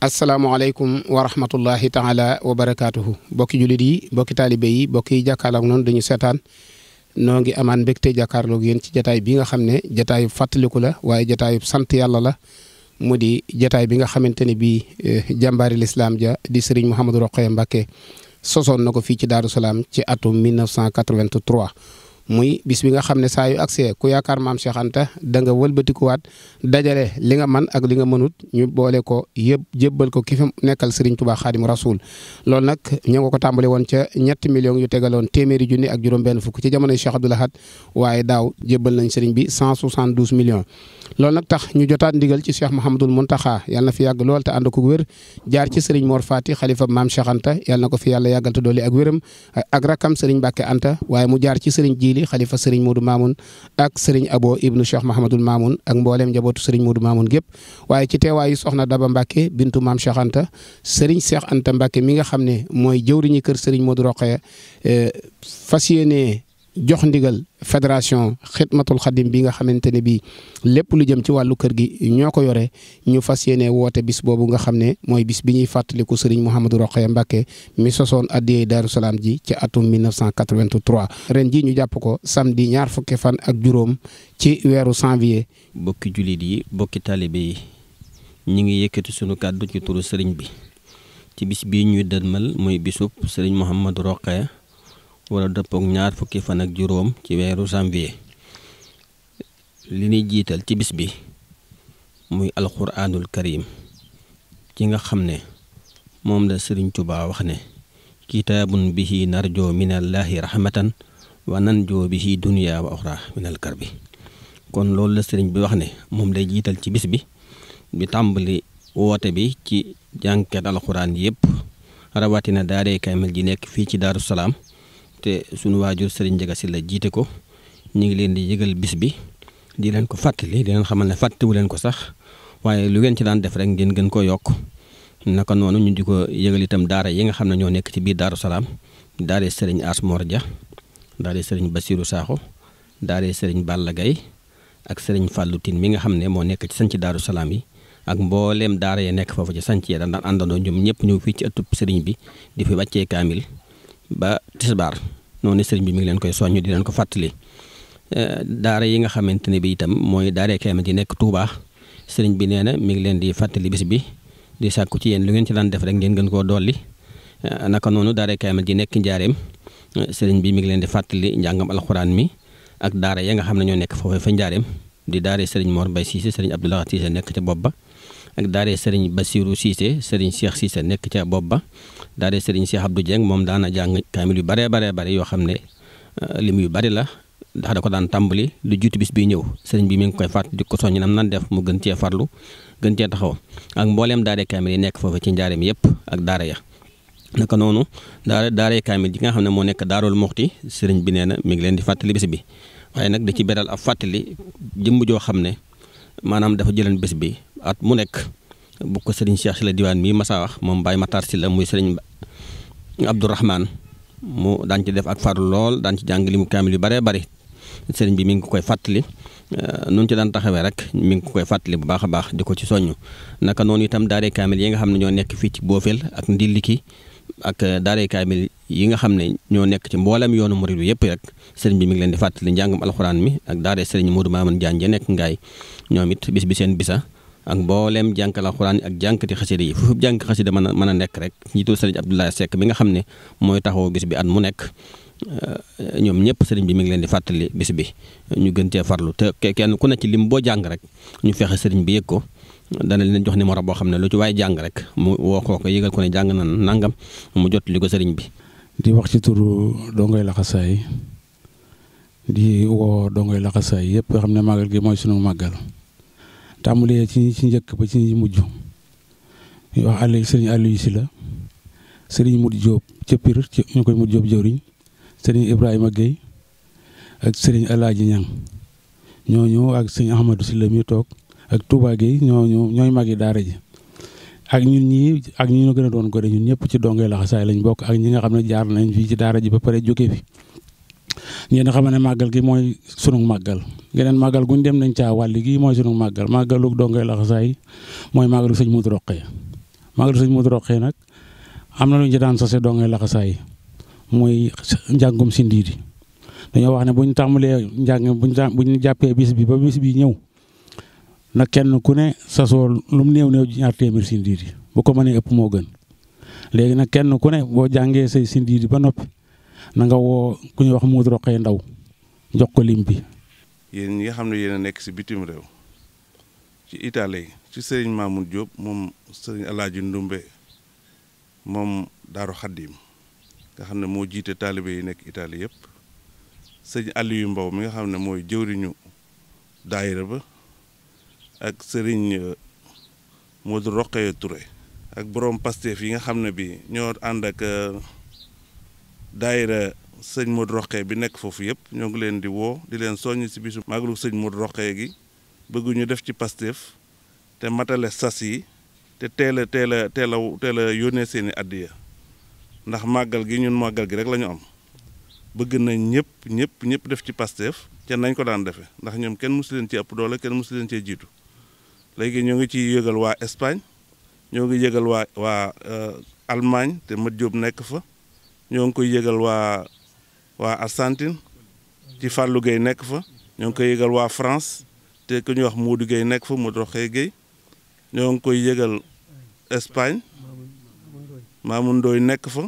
asalaamaaleykum wa rahmatullahi taala wa barakaatuhu bokki jullit yi bokki taalibe yi bokki jàkkaarloog noonu dañu seetaan noo ngi amaan mbégte jàkkaarloog yéen ci jataay bi nga xam ne jataayu fàttaliku la waaye jataayu sant yàlla la mu di jataay bi nga xamante ne bii eh, jambaari lislaam ja di sëriñ Mouhamadou Rokhaya Mbacké sosoon na ko fii ci Daaru Salaam ci atum 1983 muy bis bi nga xam ne saa yu accès ku yaakaar maam Cheikh Anta da nga wëlbatikuwaat dajale li nga man ak li nga mënut ñu boole ko yëpp jébbal ko ki fi nekkal Serigne Touba Xaadim Rasoul loolu nag ñoo ngi ko tàmbale woon ca ñetti millions yu tegaloon téeméeri junni ak juróom-benn fukk ci jamonoy Cheikh Abdoul Ahad waaye daaw jébbal nag ñu jotaat ndigal ci Cheikh Mouhamadul Mountakha yàlla na fi yàgg lool te ànd ko wér jaar ci Serigne Mor Fati xalifa maam Cheikh Anta na ko fi yàlla yàggal doole ak wéram ak rakam Serigne Mbacke Anta waaye mu jaar ci Serigne Jili Fadli xalifa sëriñ Modou Mamoun ak sëriñ Abo ibnu Cheikh Mahamadul Mamoun ak mbooleem njabootu sëriñ Modou Mamoun gépp waaye ci teewaayu soxna Daba Mbacke bintu maam Cheikh Anta sëriñ Cheikh Anta Mbacke mi nga xam ne mooy jëwriñu kër sëriñ Modou Rokhaya eh, fas yéenee jox ndigal fédération xidmatul xadim bi nga xamante ne bii lépp lu jëm ci wàllu kër gi ñoo ko yore ñu fas yéene woote bis boobu nga xam ne mooy bis bi ñuy fàttaliku sëriñ Mouhamadou Rokhaya Mbacké mi sosoon addiyee Daaru Salaam ji ci atum 1983 ren ji ñu jàpp ko samedi ñaar fukki fan ak juróom ci weeru janvier. bokki jullit yi bokki taalibe yi ñu ngi yëkkati sunu kàddu ci turu sëriñ bi ci bis bi ñuy dënmal mooy bisub sëriñ Mouhamadou Rokhaya wala dëppook ñaar fukki fan ak juróom ci weeru janvier li ñuy jiital ci bis bi muy alxuraanul karim ci nga xam ne moom la sëriñ Tuubaa wax ne kitaabun bihi narjoo minallaahi rahmatan wa nanjoo bihi duniyaa wa oxra minal karbi kon loolu la sëriñ bi wax ne moom lay jiital ci bis bi bi tàmbali woote bi ci jànket alxuraan yépp rawatina daaree kaamil ji nekk fii ci daaru salaam te suñu waajur Serigne si la jiite ko ñu ngi leen di yëgal bis bi di leen ko fàttali di leen xamal ne fàttewu leen ko sax waaye lu ngeen ci daan def rek ngeen gën koo yokk naka noonu ñu di ko yëgal itam daara yi nga xam ne ñoo nekk ci biir Daaru Salaam daara Serigne Asmor Dia daara Serigne Bassirou Sakho daara Serigne Balla Gaye ak Serigne Fallou Tine mi nga xam ne moo nekk ci sanc Daaru Salaam yi. ak mbooleem daara yi nekk foofu ci sanc ya daan àndandoo ñoom ñëpp ñëw fii ci ëttub sëriñ bi di fi wàccee kaamil ba tisbaar noonu sëriñ bi mi ngi leen koy soññ di leen ko fàttali eh, daara yi nga xamante ne bi itam mooy daaree Kaamil yi nekk Touba sëriñ bi nee na mi ngi leen di fàttali bis bi di sàkku ci yéen lu ngeen ci daan def rek ngeen gën koo dolli eh, naka noonu daaree Kaamil yi nekk Njaareem eh, sëriñ bi mu ngi leen di fàttali njàngam alxuraan mi ak daara ya nga xam ne ñoo nekk foofu fa Njaareem di daare sëriñ Mor Mbaye Cissé sëriñ Abdoulaye Cissé nekk ci bopp ba ak daaree sëriñ Bassirou Cissé sëriñ Cheikh Cissé nekk ca bopp ba daaree sëriñ Cheikh du Dieng moom daana jàng kaamil yu baree baree bari yoo xam ne euh, lim yu bari la ndax da ko daan tàmbali lu jiitu bis bi ñëw sëriñ bi mu ngi koy fàtt di ko soññ nam nan def gën cee farlu gën cee taxaw ak mbooleem daaree kaamil yi nekk foofu ci njaareem yëpp ak daara ya naka noonu daara daaree kaamil yi nga xam ne moo nekk daarul muxti sëriñ bi nee na mi ngi leen di fàttali bis bi waaye nag da ci beral ab fàttali jëmm joo xam ne maanaam dafa jëlan bés bi at mu nekk bu ko sëriñ Cheikh si la diwaan mii Massa wax moom Baye Matar si la muy sëriñ Abdourahman mu daan ci def ak farlu lool daan ci jàng li mu kaamil yu baree bari sëriñ bi mi ngi ko koy fàttali euh, nu ci daan taxawee rek mi ngi ko koy fàttali bu baax a baax di ko ci soññ naka noonu itam daaree kaamil yi nga xam ne ñoo nekk fii ci Boofel ak Ndiliki ak euh, daaree kaamil yi nga xam ne ñoo nekk ci mboolem yoonu murid bi yëpp rek sëriñ bi mi ngi leen di fàttali njàngam alxuraan mi ak daaree sëriñ Modou Mamoun Diagne ja nekk ngaay ñoom it bis bi seen bisa ak mbooleem jànkal alxuraan yi ak jànkati xasida yi foofu jànk xasida man a mën a nekk rek njiitul sëriñ Abdoulaye Seck mi nga xam ne mooy taxaw bis bi at mu nekk euh, ñoom ñëpp sëriñ bi mi ngi leen di fàttali bis bi ñu gën cee farlu te kenn ku ne ci lim boo jàng rek ñu fexe sëriñ bi yëg ko dana leen jox numéro boo xam ne lu ci waaye jàng rek mu woo ko yëgal ko ne jàng na nangam mu jot li ko sëriñ bi. di wax ci turu dongoy laxasaay di woo dongoy laxasaay yëpp xam ne màggal gi mooy sunu màggal. tàmbalee ci ñi ci njëkk ba ci ñi mujj ñu wax àll sëriñ Aliou Sylla sëriñ Modou Diop ca Pire ci ñu koy Modou Diop jëwriñ sëriñ Ibrahima Guèye ak sëriñ Alaaji Ñang ñooñu ak sëriñ Ahmadou Sylla mi toog ak Touba Guèye ñooñu ñooy magi daara ji ak ñun ñii ak ñi ñu gën a doon gone ñun ñëpp ci dongee laxasaay lañ bokk ak ñi nga xam ne jaar nañ fii ci daara ji ba pare jóge bi ngeen xam ne màggal gi mooy sunu màggal geneen màggal guñ dem nañ ca wàlli gi mooy sunu màggal màggalu dongay laxasaay mooy màggalu sëñ Modou Rokhaya màggalu sëñ Modou Rokhaya nag am na lu ñu daan daan sose dongay laxasaay mooy njàngum si ndiidi dañoo wax ne buñ tàmbalee njàng buñ buñ jàppee bis bi ba bis bi ñëw nag kenn ku ne sasoo lu mu néew néew ñaar téeméer si ndiidi bu ko mënee ëpp moo gën léegi nag kenn ku ne boo jàngee say si ndiidi ba noppi na nga woo ku ñuy wax Modou Rokhaya Ndaw jox ko lim bi. yéen ñi nga xam ne yéen a nekk si bitim réew ci Italie ci sëriñ Mamoun Diop moom sëriñ El Hadj Ndumbe moom Daaru Xaddim nga xam ne moo jiite taalibe yi nekk Italie yëpp sëriñ yu mbaw mi nga xam ne mooy jëwriñu daayira ba ak sëriñ Modou Rokhaya Touré ak borom Pastef yi nga xam ne bi ñoo ànd ak. Euh, daayira sëñ Modou Rokhaya bi nekk foofu yëpp ñoo ngi leen di woo di leen soññ si bisu màggalu sëñ Modou Rokhaya gi bëgg ñu def ci Pastef te matale sas yi te teel a teel a teel a teel a yónnee seen i addiya ndax màggal gi ñun màggal gi rek lañu am bëgg nañ ñëpp ñëpp ñëpp def ci Pastef te nañ ko daan defee ndax ñoom kenn musu leen ci ëpp doole kenn musu leen cee jiitu léegi ñoo ngi ci yëgal waa Espagne ñoo ngi yëgal waa waa euh, Allemagne te Mat Diop nekk fa ñoo ngi koy yëgal waa waa Argentine ci Fallou Gueye nekk fa ñoo ngi koy yëgal waa France te ku ñuy wax Modou Gueye nekk fa Modou Rokhaya Gueye ñoo ngi koy yëgal Espagne Mamoun Ndoye nekk fa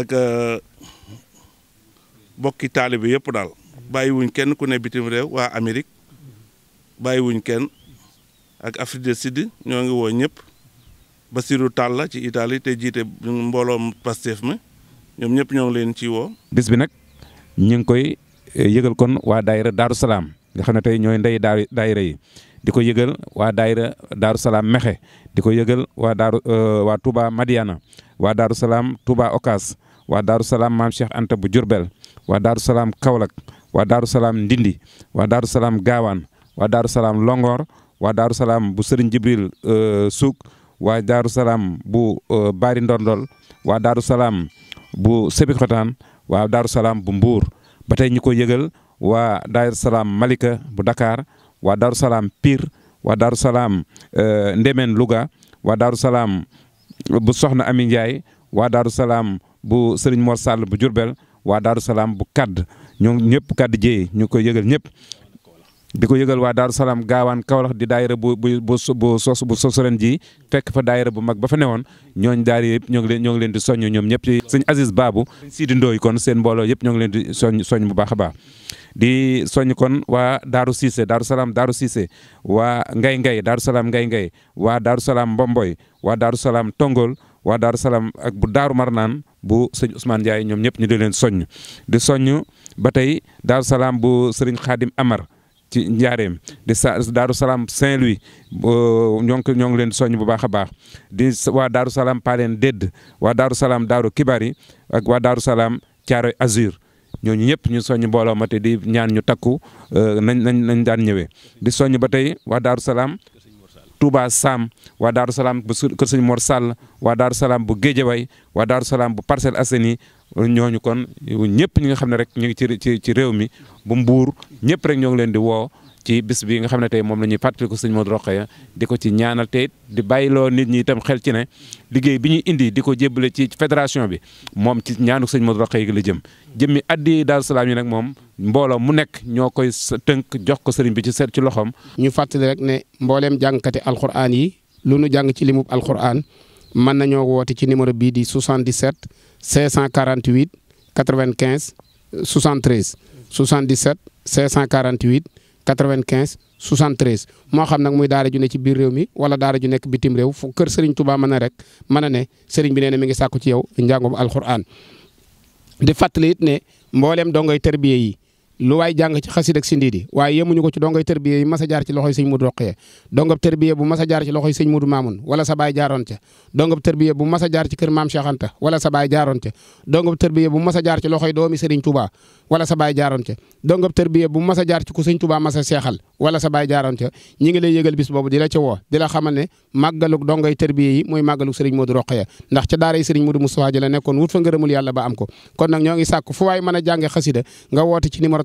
ak euh, bokki bi yëpp daal bàyyiwuñ kenn ku ne bitim réew waa Amérique bàyyiwuñ kenn ak Afrique du Sud ñoo ngi woo ñëpp Basirou Talla ci Italie te jiite mbooloom Pastef mi ñoom ñëpp ñoo leen ci woo. bis bi nag ñu ngi koy yëgal kon waa daayira Daaru Salaam nga xam ne tey ñooy ndey daayira yi di ko yëgal waa daayira Daaru Salaam Mexe di ko yëgal waa Daaru waa Touba Madiana waa Daaru Salaam Touba Okas waa Daaru Salaam Maam Cheikh Anta bu Jurbel wa Daaru Salaam Kaolack waa Daaru Salaam Ndindi wa Daaru Salaam Gaawaan waa Daaru Salaam Longoor waa Daaru Salaam bu Serigne Jibril Souk waa Daaru Salaam bu Bari Ndondol waa Daaru Salaam bu Sébikotane waa Daaru Salaam bu mbuur ba tey ñi ko yëgal waa Daaru Salaam Malika bu dakaar waa Daaru Salaam Pire waa Daaru Salaam euh, Ndémen Louga waa Daaru Salaam bu Soxna Ami Ndiaye waa Daaru Salaam bu Serigne Mor Sall bu Diourbel waa Daaru Salaam bu Kadd ñoom ñëpp Kadd Jéey ñu ko yëgal ñëpp di ko yëgal waa Daaru Salaam gaawaan Kaolack di daayira bu bu bu bu sos bu sos ren ji fekk fa daayira bu mag ba fa woon ñooñ daayira yëpp ñoo ngi leen ñoo ngi leen di soññ ñoom ñëpp ci sëñ Aziz Babou Sidi Ndoye seen mbooloo yëpp ñoo ngi leen di soñ soñ bu a baax di soñ kon waa Daaru Cissé Daaru Salaam Daaru Cissé waa Ngay Ngay Daaru Salaam Ngay Ngay waa Daaru Salaam Mbomboy waa Daaru Salaam Tongol waa Daaru Salaam ak bu Daaru Marnaan bu sëñ Ousmane Ndiaye ñoom ñëpp ñu di leen soññ di soññ ba tey Daaru Salaam bu sëriñ Khadim Amar ci Njaareem di sa Daaru Salaam Saint-Louis ñoo ngi ñoo ngi leen di soññ bu baax a baax di waa Daaru Salaam Paleen Dedd waa Daaru Salaam Daaru Kibari ak waa Daaru Salaam Caaroy Azur ñooñu ñëpp ñu soññ mbooloo ma te di ñaan ñu takku euh, nañ nañ nañ daan ñëwee di soññ ba tey waa Daaru Salaam Touba Sam waa Daaru Salaam bu Kër Sëñ Mor Sall waa Daaru Salaam bu Géejawaay waa Daaru Salaam bu Parcelles Assainies ñooñu kon ñëpp ñi nga xam ne rek ñu ngi ci ci ci réew mi ba mbuur ñëpp rek ñoo ngi leen di woo ci bis bi nga xam ne tey moom la ñuy fàttaliku sëñ Modou Rokhaya di ko ci ñaanal tey di nit ñi itam xel ci ne liggéey bi ñuy indi di ko jébbale ci fédération bi moom ci ñaanu sëñ Modou Rokhaya gi la jëm jëmmi addi Daaru Salaam yi nag moom mbooloo mu nekk ñoo koy tënk jox ko sëriñ bi ci seet ci loxoom. ñu fàttali rek ne mbooleem jàngkati alxuraan yi lu nu jàng ci limub alxuraan mën nañoo woote ci numéro bii di 77 548 95 73 77 548 95 73 moo xam nag muy daara ju ne ci biir réew mi wala daara ju nekk bitim réew fu kër Serigne Touba mën na rek mën a ne Serigne bi nee na mi ngi sàkku ci yow njàngum alxuraan di fàttali it ne mbooleem dongoy terbiye yi. lu waay jàng ci xasid ak sindiidi waaye yemuñu ko ci dongay tërbiye yi mas a jaar ci loxoy sëñ Mudu a jaar sëñ Mudu Maamun wala sa baay bu a jaar ci kër a jaar a jaar a seexal wala sa baay jaaroon ca ñi ngi lay yëgal bis boobu di la la yi Sëriñ Mudu Roqee ndax ca la nekkoon wut fa ngërëmul yàlla ba am ko kon nag ñoo ngi sàkk fu waay mën a jànge xasida nga woote ci numéro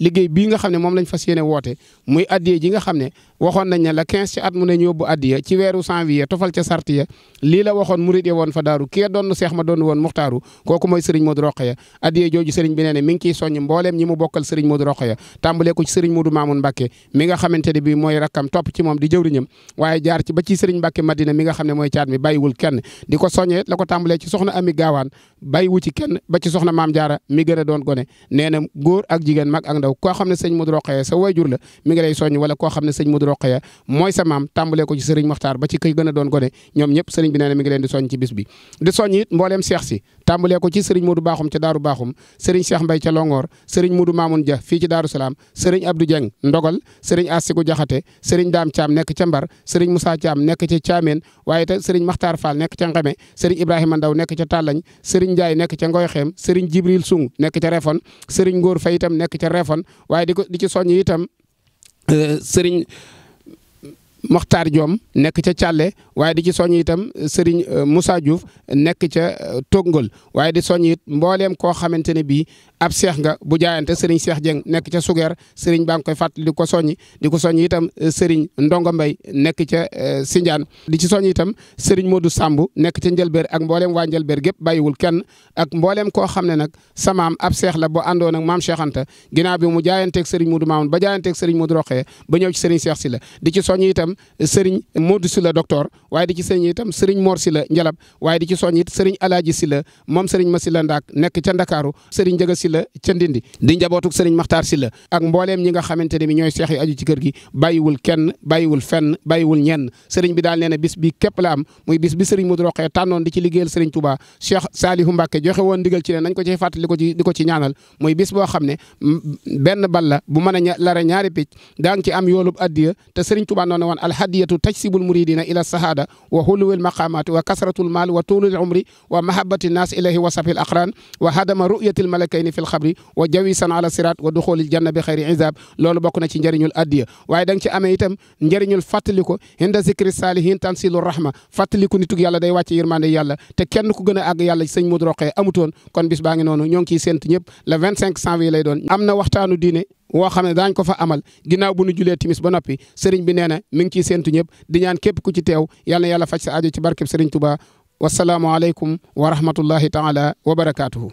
liggéey bii nga xam ne moom lañ fas yéene woote muy addiya ji nga xam ne waxoon nañ ne la 15 ci at mu ne ñu yóbbu addiya ci weeru janvier tofal ca sart ya lii la waxoon murid ya woon fa daaru kii doon seex ma doon woon muxtaaru kooku mooy sëriñ Modou Rokhaya addiya jooju sëriñ bi nee ne mi ngi ciy mbooleem ñi mu bokkal sëriñ Modou Rokhaya tàmbalee ko ci sëriñ Modou Mamoun Mbacké mi nga xamante ne bi mooy rakkam topp ci moom di jëwriñam waaye jaar ci ba ci mi nga xam ne mooy caat mi bàyyiwul kenn di ko soññee la ko tàmbalee ci soxna Ami Gaawaan bàyyiwu kenn ba Maam Jaara mi gën doon gone nee na góor ak jigéen mag ak yow koo xam ne sëñ Modou Rokhaya sa waajur la mi ngi lay soññ wala koo xam ne sëñ Modou Rokhaya mooy sa maam tàmbalee ko ci sëriñ Moxtaar ba ci këy gën a doon gone ñoom ñëpp sëriñ bi nee na mi ngi leen di soññ ci bis bi di soññ it mbooleem seex si tàmbalee ko ci sëriñ Modou Baaxum ca Daaru Baaxum sëriñ Seex Mbay ca Longoor sëriñ Modou Mamoun Dia fii ci Daaru Salaam sëriñ Abdou Dieng ndogal sëriñ Jaxate sëriñ Daam Caam nekk ca Mbar sëriñ Moussa waaye di ko di ci soññ itam euh, sëriñ Mokhtar Diom nekk ca Thialé waaye di ci soñ itam euh, Serigne euh, Moussa Diouf nekk ca Tongol waaye di soñ it mbooleem koo xamante ne bii ab seex nga bu jaayante sëriñ Seex Jeng nekk ca Sugeer sëriñ baa ngi koy fàttali di ko soññi di ko soññi itam eh, sëriñ Ndongo Mbay nekk ca eh, Sinjaan di ci soññi itam sëriñ Modou Samb nekk ca Njëlbéer ak mbooleem waa Njëlbéer gépp bàyyiwul kenn ak mbooleem koo xam ne nag samaam ab seex la boo àndoon ak maam Cheikh Anta bi mu jaayanteeg sëriñ Modou Mamoun ba jaayanteeg sëriñ Modou Roxee ba ñëw ci sëriñ Seex si la di ci soññi itam eh, sëriñ Modou si la docteur waaye di ci soññi itam sëriñ Mor si la Njalab waaye di ci soññi it sëriñ Alaaji si la moom sëriñ Masila Ndaak nekk ca Ndakaaru sëriñ Jëga si Sylla ca Ndindi di njabootug sëriñ Maxtaar Sylla ak mbooleem ñi nga xamante ne ci ñaanal muy bis xam ne benn bal bu mën a ñaari picc daa ci am yoolub addiya te sëriñ Touba noonu woon alhadiyatu tajsibul muridina ila sahada wa huluwil maqamati wa kasratul mal wa tulul umri wa mahabbati wa jawisan ala sirat wa duxulil janna bi xayri isab loolu bokk na ci njëriñul da a àgg am na waxtaanu diine woo xam ne daañ ko fa amal ginnaaw bu nu julee timis ba noppi sëriñ bi nee na mi ngi ciy séntu ñëpp di ñaan képp ku ci teew yàlla na faj sa aajo ci barkeb sëriñ Tuubaa wasalaamualeykum wa rahmatullahi taala wa barakaatuhu